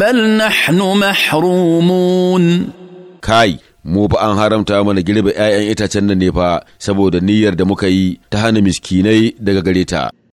bal nahnu mahrumun kai mu ba an haramta mana girbe 'ya'yan itacen nan ne fa saboda niyyar da muka yi ta hana miskinai daga gareta.